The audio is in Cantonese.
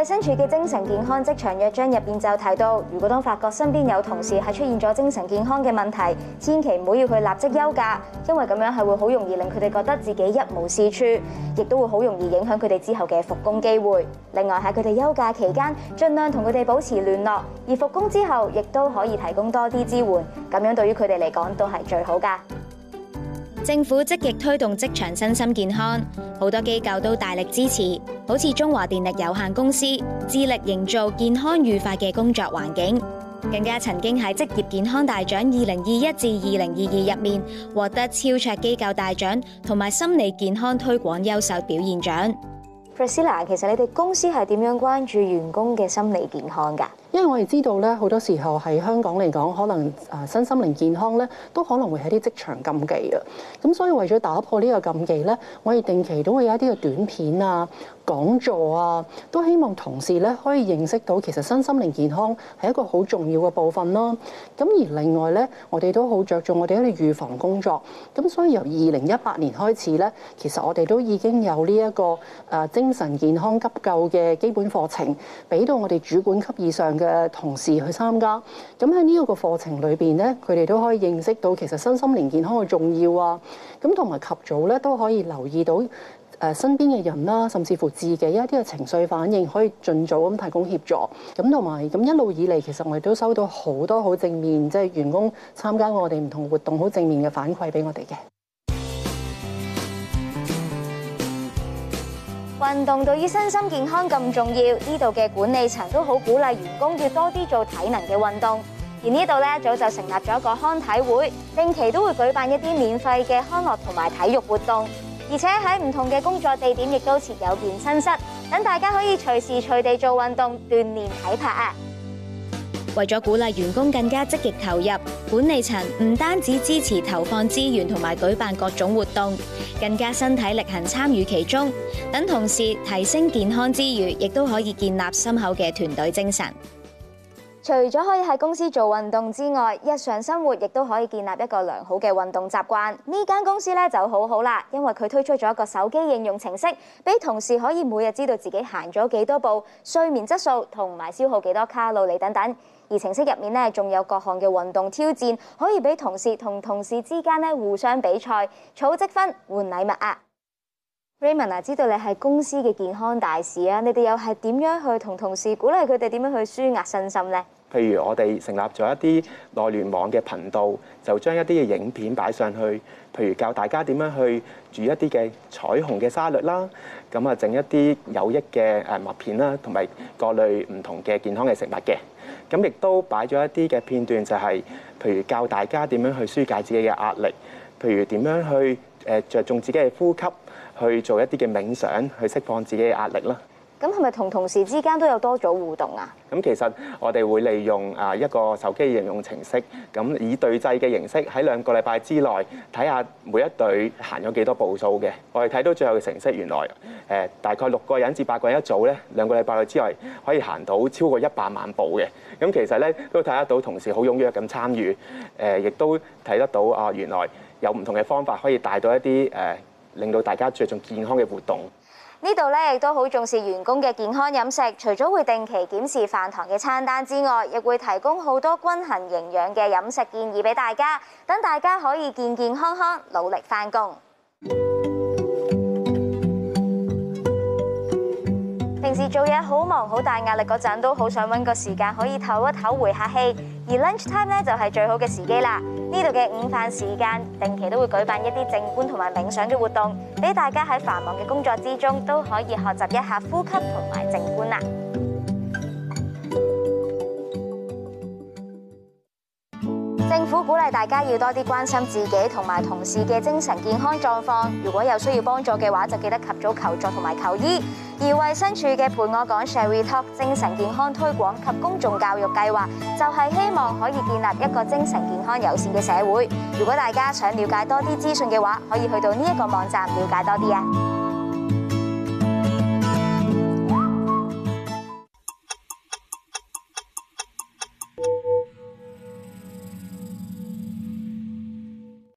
在身處嘅精神健康職場約章入邊就提到，如果當發覺身邊有同事係出現咗精神健康嘅問題，千祈唔好要佢立即休假，因為咁樣係會好容易令佢哋覺得自己一無是處，亦都會好容易影響佢哋之後嘅復工機會。另外喺佢哋休假期間，盡量同佢哋保持聯絡，而復工之後，亦都可以提供多啲支援，咁樣對於佢哋嚟講都係最好㗎。政府積極推動職場身心健康，好多機構都大力支持。好似中華電力有限公司致力營造健康愉快嘅工作環境，更加曾經喺職業健康大獎二零二一至二零二二入面獲得超卓機構大獎同埋心理健康推廣優秀表現獎。Priscilla，其實你哋公司係點樣關注員工嘅心理健康㗎？因為我哋知道咧，好多時候喺香港嚟講，可能誒身心靈健康咧，都可能會係啲職場禁忌嘅。咁所以為咗打破呢個禁忌咧，我哋定期都會有一啲嘅短片啊、講座啊，都希望同事咧可以認識到其實身心靈健康係一個好重要嘅部分咯。咁而另外咧，我哋都好着重我哋喺度預防工作。咁所以由二零一八年開始咧，其實我哋都已經有呢一個誒精神健康急救嘅基本課程，俾到我哋主管級以上。嘅同事去參加，咁喺呢個課程裏邊咧，佢哋都可以認識到其實身心靈健康嘅重要啊，咁同埋及早咧都可以留意到誒身邊嘅人啦，甚至乎自己一啲嘅情緒反應可以盡早咁提供協助，咁同埋咁一路以嚟，其實我哋都收到好多好正面，即係員工參加我哋唔同活動好正面嘅反饋俾我哋嘅。運動對於身心健康咁重要，呢度嘅管理層都好鼓勵員工要多啲做體能嘅運動。而呢度咧早就成立咗一個康體會，定期都會舉辦一啲免費嘅康樂同埋體育活動，而且喺唔同嘅工作地點亦都設有健身室，等大家可以隨時隨地做運動鍛鍊體魄啊！為咗鼓勵員工更加積極投入，管理層唔單止支持投放資源同埋舉辦各種活動，更加身體力行參與其中，等同時提升健康之餘，亦都可以建立深厚嘅團隊精神。除咗可以喺公司做運動之外，日常生活亦都可以建立一個良好嘅運動習慣。呢間公司咧就好好啦，因為佢推出咗一個手機應用程式，俾同事可以每日知道自己行咗幾多步、睡眠質素同埋消耗幾多卡路里等等。而程式入面呢，仲有各項嘅運動挑戰，可以俾同事同同事之間呢互相比賽，儲積分換禮物啊！Raymond 啊，知道你係公司嘅健康大使啊，你哋又係點樣去同同事鼓勵佢哋點樣去舒壓身心呢？譬如我哋成立咗一啲內聯網嘅頻道，就將一啲嘅影片擺上去，譬如教大家點樣去煮一啲嘅彩虹嘅沙律啦，咁啊整一啲有益嘅誒麥片啦，同埋各類唔同嘅健康嘅食物嘅，咁亦都擺咗一啲嘅片段，就係譬如教大家點樣去舒解自己嘅壓力，譬如點樣去，誒著重自己嘅呼吸，去做一啲嘅冥想，去釋放自己嘅壓力啦。咁係咪同同事之間都有多咗互動啊？咁其實我哋會利用啊一個手機應用程式，咁以對制嘅形式喺兩個禮拜之內睇下每一隊行咗幾多步數嘅。我哋睇到最後嘅成績，原來誒大概六個人至八個人一組咧，兩個禮拜之內可以行到超過一百萬步嘅。咁其實咧都睇得到同事好踴躍咁參與，誒亦都睇得到啊原來有唔同嘅方法可以帶到一啲誒令到大家着重健康嘅活動。呢度咧亦都好重視員工嘅健康飲食，除咗會定期檢視飯堂嘅餐單之外，亦會提供好多均衡營養嘅飲食建議俾大家，等大家可以健健康康，努力返工。做嘢好忙好大壓力嗰陣，都好想搵個時間可以唞一唞、回下氣。而 lunch time 咧就係最好嘅時機啦。呢度嘅午飯時間，定期都會舉辦一啲靜觀同埋冥想嘅活動，俾大家喺繁忙嘅工作之中都可以學習一下呼吸同埋靜觀啦。政府鼓勵大家要多啲關心自己同埋同事嘅精神健康狀況。如果有需要幫助嘅話，就記得及早求助同埋求醫。而衛生署嘅陪我講 Shall We Talk 精神健康推廣及公眾教育計劃，就係希望可以建立一個精神健康友善嘅社會。如果大家想了解多啲資訊嘅話，可以去到呢一個網站了解多啲啊！